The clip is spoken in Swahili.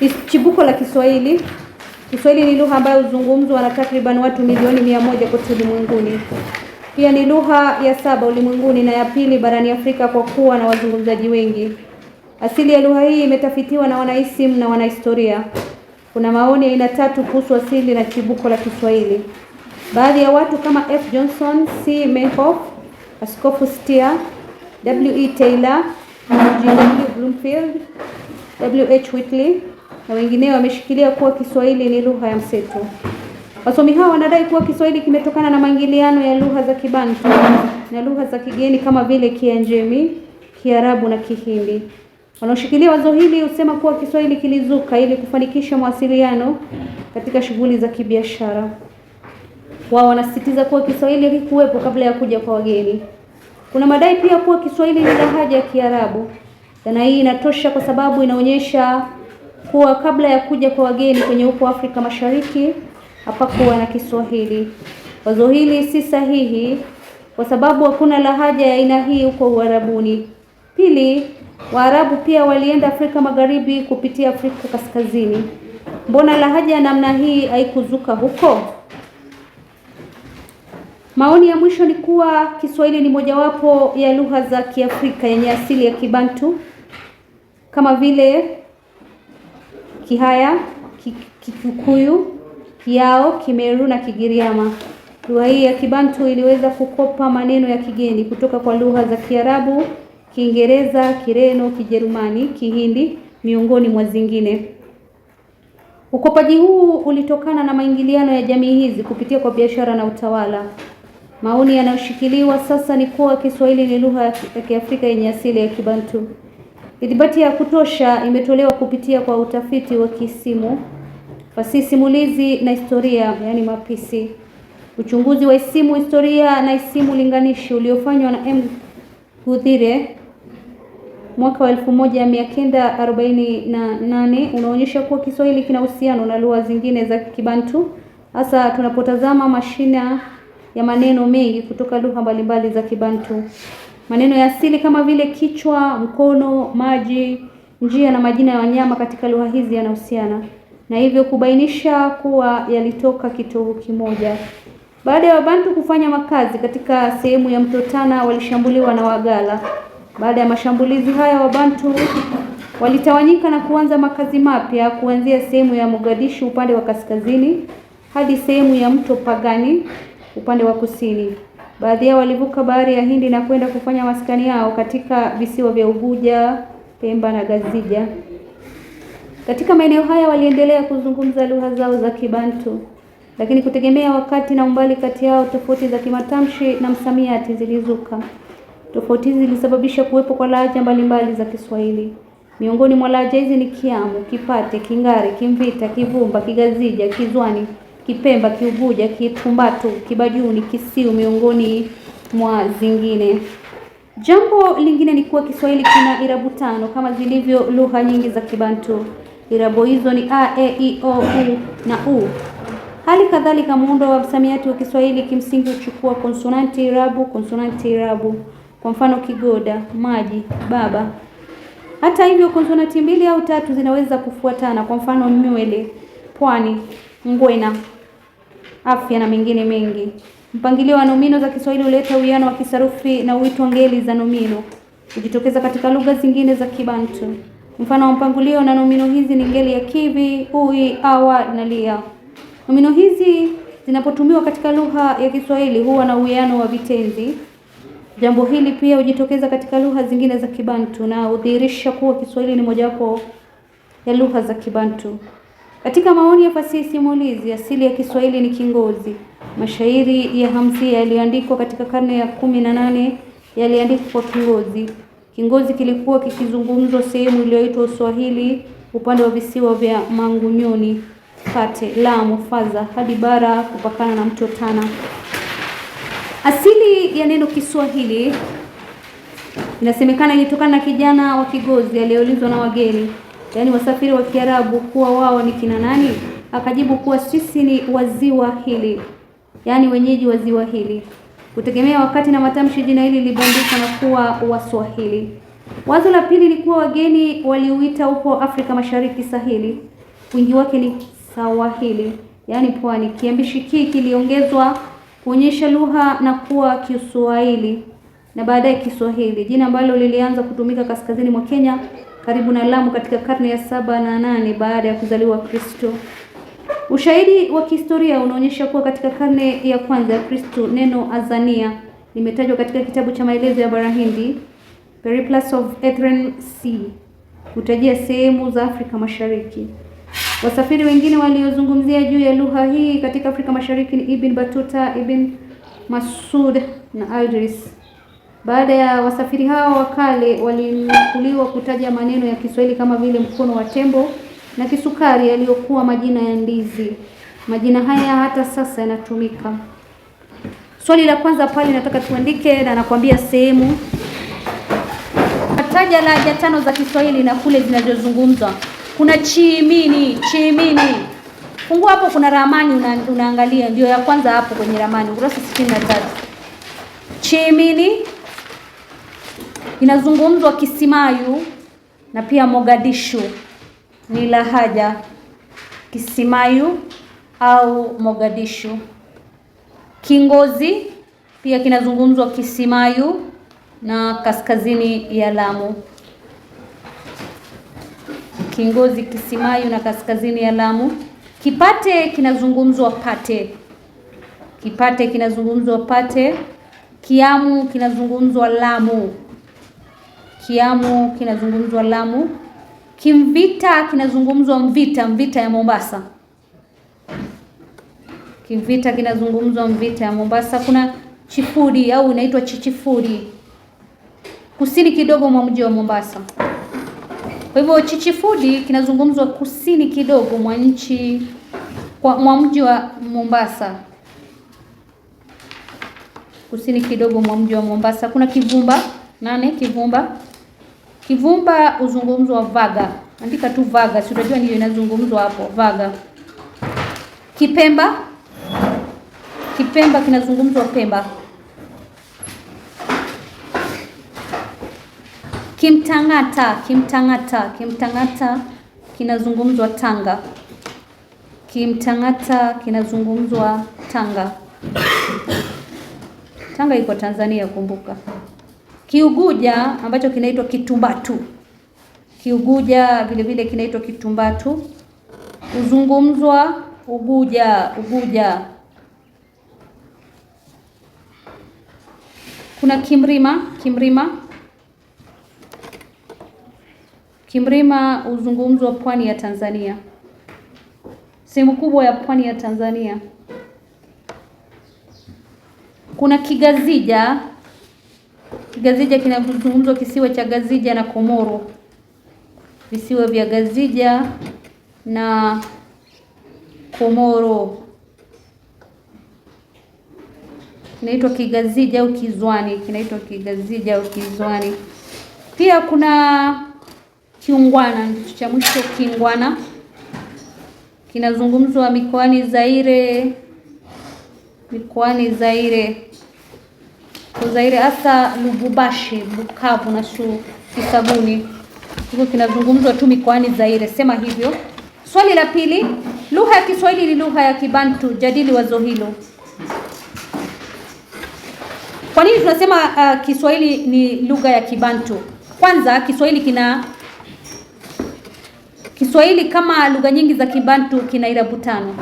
Chimbuko la Kiswahili. Kiswahili ni lugha ambayo huzungumzwa na takriban watu milioni mia moja kote ulimwenguni. Pia ni lugha ya saba ulimwenguni na ya pili barani Afrika kwa kuwa na wazungumzaji wengi. Asili ya lugha hii imetafitiwa na wanaisimu na wanahistoria. Kuna maoni aina tatu kuhusu asili na chimbuko la Kiswahili. Baadhi ya watu kama F. Johnson, C. Mehoff, Askofu Steer, W. E. Taylor, G. W. Bloomfield, W. H. Whitley na wengineo wameshikilia kuwa Kiswahili ni lugha ya mseto. Wasomi hao wanadai kuwa Kiswahili kimetokana na maingiliano ya lugha za Kibantu na lugha za kigeni kama vile Kianjemi, Kiarabu na Kihindi. Wanaoshikilia wazo hili husema kuwa Kiswahili kilizuka ili kufanikisha mawasiliano katika shughuli za kibiashara. Wao wanasisitiza kuwa Kiswahili hakikuwepo kabla ya kuja kwa wageni. Kuna madai pia kuwa Kiswahili ni lahaja ya Kiarabu. Dhana hii inatosha kwa sababu inaonyesha kuwa kabla ya kuja kwa wageni kwenye upo Afrika Mashariki hapakuwa na Kiswahili. Wazo hili si sahihi kwa sababu hakuna lahaja ya aina hii huko Uarabuni. Pili, Waarabu pia walienda Afrika Magharibi kupitia Afrika Kaskazini. Mbona lahaja ya namna hii haikuzuka huko? Maoni ya mwisho ni kuwa Kiswahili ni mojawapo ya lugha za Kiafrika yenye asili ya Kibantu kama vile Kihaya, kikukuyu Kiao, Kimeru na Kigiriama. Lugha hii ya Kibantu iliweza kukopa maneno ya kigeni kutoka kwa lugha za Kiarabu, Kiingereza, Kireno, Kijerumani, Kihindi miongoni mwa zingine. Ukopaji huu ulitokana na maingiliano ya jamii hizi kupitia kwa biashara na utawala. Maoni yanayoshikiliwa sasa ni kuwa Kiswahili ni lugha ya Kiafrika yenye asili ya Kibantu. Ithibati ya kutosha imetolewa kupitia kwa utafiti wa kisimu, fasihi simulizi na historia, yani mapisi, uchunguzi wa isimu historia na isimu linganishi uliofanywa na M Gudhire mwaka wa 1948 unaonyesha kuwa Kiswahili kina uhusiano na lugha zingine za Kibantu, hasa tunapotazama mashina ya maneno mengi kutoka lugha mbalimbali za Kibantu. Maneno ya asili kama vile kichwa, mkono, maji, njia na majina ya wanyama katika lugha hizi yanahusiana na hivyo kubainisha kuwa yalitoka kitovu kimoja. Baada ya Wabantu kufanya makazi katika sehemu ya mto Tana, walishambuliwa na Wagala. Baada ya mashambulizi haya, Wabantu walitawanyika na kuanza makazi mapya kuanzia sehemu ya Mogadishu upande wa kaskazini hadi sehemu ya mto Pagani upande wa kusini. Baadhi yao walivuka bahari ya Hindi na kwenda kufanya maskani yao katika visiwa vya Unguja, Pemba na Gazija. Katika maeneo haya waliendelea kuzungumza lugha zao za Kibantu, lakini kutegemea wakati na umbali kati yao, tofauti za kimatamshi na msamiati zilizuka. Tofauti hizi zilisababisha kuwepo kwa lahaja mbalimbali za Kiswahili. Miongoni mwa lahaja hizi ni Kiamu, Kipate, Kingari, Kimvita, Kivumba, Kigazija, Kizwani Kipemba, Kiuguja, Kipumbatu, Kibajuni, Kisiu miongoni mwa zingine. Jambo lingine ni kuwa Kiswahili kina irabu tano kama zilivyo lugha nyingi za Kibantu. Irabu hizo ni a, e, i, o, u na u. Hali kadhalika muundo wa msamiati wa Kiswahili kimsingi huchukua konsonanti irabu, konsonanti irabu. Kwa mfano kigoda, maji, baba. Hata hivyo konsonanti mbili au tatu zinaweza kufuatana, kwa mfano nywele, pwani, ngwena afya na mengine mengi. Mpangilio wa nomino za Kiswahili huleta uwiano wa kisarufi na huitwa ngeli za nomino. ujitokeza katika lugha zingine za Kibantu. Mfano wa mpangilio na nomino hizi ni ngeli ya kivi, ui, awa na lia. Nomino hizi zinapotumiwa katika lugha ya Kiswahili huwa na uwiano wa vitenzi. Jambo hili pia hujitokeza katika lugha zingine za Kibantu na hudhihirisha kuwa Kiswahili ni mojawapo ya lugha za Kibantu. Katika maoni ya fasihi simulizi, asili ya Kiswahili ni kingozi. Mashairi ya Hamsia yaliyoandikwa katika karne ya kumi na nane yaliandikwa kwa kingozi. Kingozi kilikuwa kikizungumzwa sehemu iliyoitwa Uswahili, upande wa visiwa vya Mangunyoni, Pate, Lamu, Faza hadi bara kupakana na mto Tana. Asili ya neno Kiswahili inasemekana ilitokana na kijana wa Kigozi aliyeulizwa na wageni yaani wasafiri wa Kiarabu kuwa wao ni kina nani? Akajibu kuwa sisi ni waziwa hili, yaani wenyeji wa ziwa hili, kutegemea wakati na matamshi. Jina hili lilibandikwa na kuwa Waswahili. Wazo la pili ni kuwa wageni waliuita upo Afrika Mashariki sahili, wingi wake ni sawahili, yaani pwani. Kiambishi kii kiliongezwa kuonyesha lugha na kuwa Kiswahili na baadaye Kiswahili, jina ambalo lilianza kutumika kaskazini mwa Kenya karibu na Lamu katika karne ya saba na nane baada ya kuzaliwa Kristo. Ushahidi wa kihistoria unaonyesha kuwa katika karne ya kwanza ya Kristo neno Azania limetajwa katika kitabu cha maelezo ya bara Hindi Periplus of Ethren Sea kutajia sehemu za Afrika Mashariki. Wasafiri wengine waliozungumzia juu ya lugha hii katika Afrika Mashariki ni Ibn Batuta, Ibn Masud na Idris. Baada ya wasafiri hao wa kale walinukuliwa kutaja maneno ya Kiswahili kama vile mkono wa tembo na kisukari yaliyokuwa majina ya ndizi. Majina haya hata sasa yanatumika. Swali la kwanza pale nataka tuandike, na nakwambia sehemu ataja lahaja tano za Kiswahili na kule zinazozungumzwa kuna chimini, chimini. Fungua hapo, kuna ramani una, unaangalia, ndio ya kwanza hapo kwenye ramani, ukurasa 63 chimini inazungumzwa Kisimayu na pia Mogadishu ni lahaja Kisimayu au Mogadishu. Kingozi pia kinazungumzwa Kisimayu na kaskazini ya Lamu. Kingozi, Kisimayu na kaskazini ya Lamu. Kipate kinazungumzwa Pate. Kipate kinazungumzwa Pate. Kiamu kinazungumzwa Lamu. Kiamu kinazungumzwa Lamu, Kimvita kinazungumzwa Mvita, Mvita ya Mombasa. Kimvita kinazungumzwa Mvita ya Mombasa. Kuna chifuri au inaitwa Chichifuri, kusini kidogo mwa mji wa Mombasa. Kwa hivyo Chichifudi kinazungumzwa kusini kidogo mwa nchi mwa mji wa Mombasa, kusini kidogo mwa mji wa Mombasa. Kuna Kivumba nane, Kivumba Kivumba uzungumzwa vaga, andika tu vaga, si unajua ndio inazungumzwa hapo vaga. Kipemba, Kipemba kinazungumzwa Pemba. Kimtang'ata, Kimtang'ata, Kimtang'ata kinazungumzwa Tanga. Kimtang'ata kinazungumzwa Tanga. Tanga iko Tanzania, kumbuka. Kiuguja ambacho kinaitwa kitumbatu. Kiuguja vile vile kinaitwa kitumbatu, huzungumzwa Uguja. Uguja kuna Kimrima. Kimrima Kimrima huzungumzwa pwani ya Tanzania, sehemu kubwa ya pwani ya Tanzania. Kuna Kigazija Gazija kinazungumzwa kisiwa cha Gazija na Komoro, visiwa vya Gazija na Komoro kinaitwa Kigazija au Kizwani, kinaitwa Kigazija au Kizwani. Pia kuna Kiungwana, ndicho cha mwisho. Kiungwana kinazungumzwa mikoani Zaire, mikoani Zaire. Zaire hasa Lubumbashi, Bukavu na Kisabuni. Hiko kinazungumzwa tu mikoani Zaire, sema hivyo. Swali la pili, lugha ya Kiswahili ni lugha ya Kibantu. Jadili wazo hilo. Kwa nini tunasema uh, Kiswahili ni lugha ya Kibantu? Kwanza, Kiswahili kina Kiswahili kama lugha nyingi za Kibantu kina irabu tano.